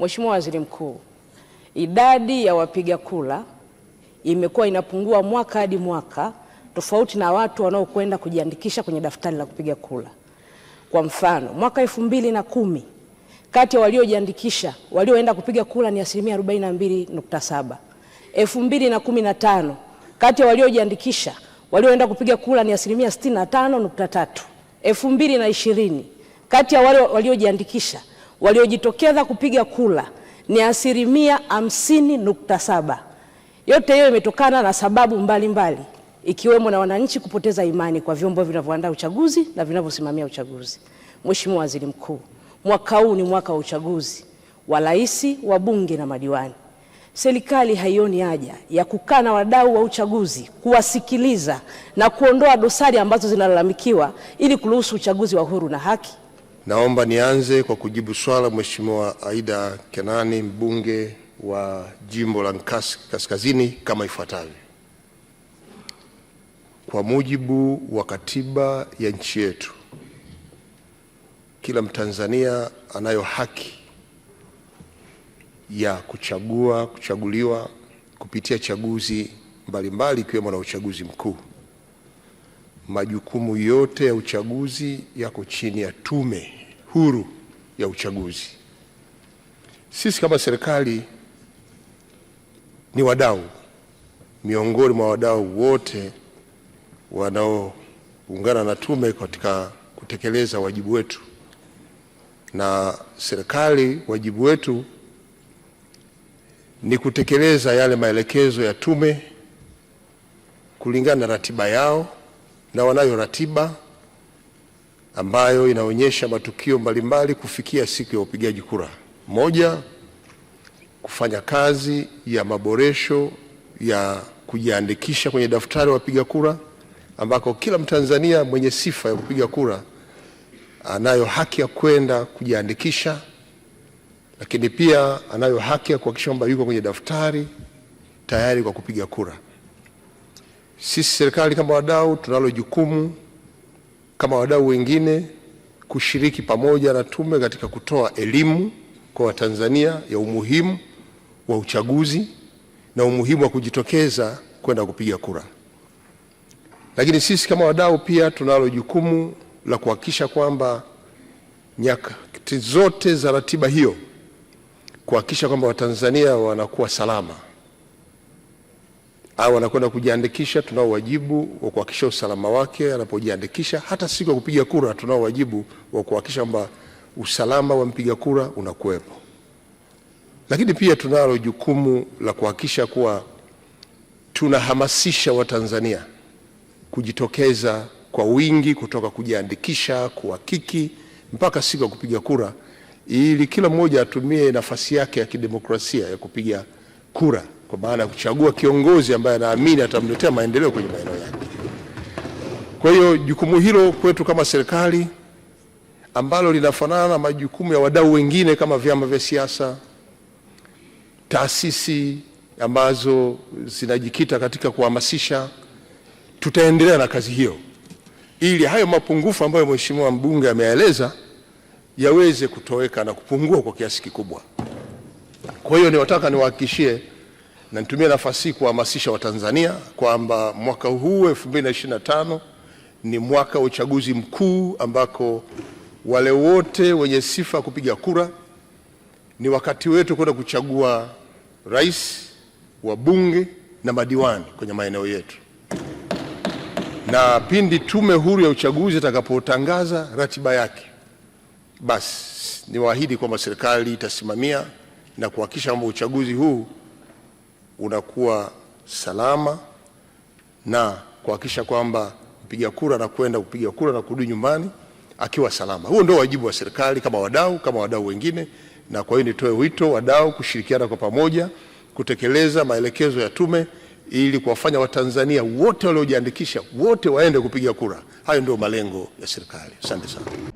Mheshimiwa Waziri Mkuu, idadi ya wapiga kura imekuwa inapungua mwaka hadi mwaka, tofauti na watu wanaokwenda kujiandikisha kwenye daftari la kupiga kura. Kwa mfano, mwaka elfu mbili na kumi kati ya waliojiandikisha walioenda kupiga kura ni asilimia 42.7. elfu mbili na kumi na tano kati ya waliojiandikisha walioenda kupiga kura ni asilimia 65.3. elfu mbili na ishirini kati ya wale waliojiandikisha waliojitokeza kupiga kura ni asilimia hamsini nukta saba. Yote hiyo imetokana na sababu mbalimbali mbali, ikiwemo na wananchi kupoteza imani kwa vyombo vinavyoandaa uchaguzi na vinavyosimamia uchaguzi. Mheshimiwa Waziri Mkuu, mwaka huu ni mwaka wa uchaguzi wa rais, wa bunge na madiwani. Serikali haioni haja ya kukaa na wadau wa uchaguzi kuwasikiliza na kuondoa dosari ambazo zinalalamikiwa ili kuruhusu uchaguzi wa huru na haki? Naomba nianze kwa kujibu swala Mheshimiwa Aida Kenani, mbunge wa jimbo la Nkasi Kaskazini, kama ifuatavyo. Kwa mujibu wa katiba ya nchi yetu, kila Mtanzania anayo haki ya kuchagua, kuchaguliwa kupitia chaguzi mbalimbali ikiwemo na uchaguzi mkuu. Majukumu yote ya uchaguzi yako chini ya tume huru ya uchaguzi. Sisi kama serikali ni wadau miongoni mwa wadau wote wanaoungana na tume katika kutekeleza wajibu wetu, na serikali wajibu wetu ni kutekeleza yale maelekezo ya tume kulingana na ratiba yao na wanayo ratiba ambayo inaonyesha matukio mbalimbali kufikia siku ya upigaji kura. Moja, kufanya kazi ya maboresho ya kujiandikisha kwenye daftari wapiga kura ambako kila Mtanzania mwenye sifa ya kupiga kura anayo haki ya kwenda kujiandikisha, lakini pia anayo haki ya kuhakikisha kwamba yuko kwenye daftari tayari kwa kupiga kura. Sisi serikali kama wadau tunalo jukumu kama wadau wengine kushiriki pamoja na tume katika kutoa elimu kwa Watanzania ya umuhimu wa uchaguzi na umuhimu wa kujitokeza kwenda kupiga kura. Lakini sisi kama wadau pia tunalo jukumu la kuhakikisha kwamba nyakati zote za ratiba hiyo kuhakikisha kwamba Watanzania wanakuwa salama au anakwenda kujiandikisha, tunao wajibu wa kuhakikisha usalama wake anapojiandikisha. Hata siku ya kupiga kura, tunao wajibu wa kuhakikisha kwamba usalama wa mpiga kura unakuwepo, lakini pia tunalo jukumu la kuhakikisha kuwa tunahamasisha Watanzania kujitokeza kwa wingi kutoka kujiandikisha, kuhakiki mpaka siku ya kupiga kura, ili kila mmoja atumie nafasi yake ya kidemokrasia ya kupiga kura kwa maana ya kuchagua kiongozi ambaye anaamini atamletea maendeleo kwenye maeneo yake. Kwa hiyo jukumu hilo kwetu kama serikali ambalo linafanana na majukumu ya wadau wengine kama vyama vya siasa, taasisi ambazo zinajikita katika kuhamasisha, tutaendelea na kazi hiyo ili hayo mapungufu ambayo mheshimiwa mbunge ameeleza yaweze kutoweka na kupungua kwa kiasi kikubwa. Kwa hiyo niwataka niwahakikishie na nitumie nafasi hii kuwahamasisha Watanzania kwamba mwaka huu 2025 ni mwaka wa uchaguzi mkuu ambako wale wote wenye sifa kupiga kura, ni wakati wetu kwenda kuchagua rais, wabunge na madiwani kwenye maeneo yetu, na pindi Tume Huru ya Uchaguzi itakapotangaza ratiba yake, basi niwaahidi kwamba serikali itasimamia na kuhakikisha kwamba uchaguzi huu unakuwa salama na kuhakikisha kwamba mpiga kura anakwenda kupiga kura na kurudi nyumbani akiwa salama. Huo ndio wajibu wa serikali kama wadau, kama wadau wengine, na kwa hiyo nitoe wito wadau kushirikiana kwa pamoja kutekeleza maelekezo ya tume ili kuwafanya Watanzania wote waliojiandikisha wote waende kupiga kura. Hayo ndio malengo ya serikali. Asante sana.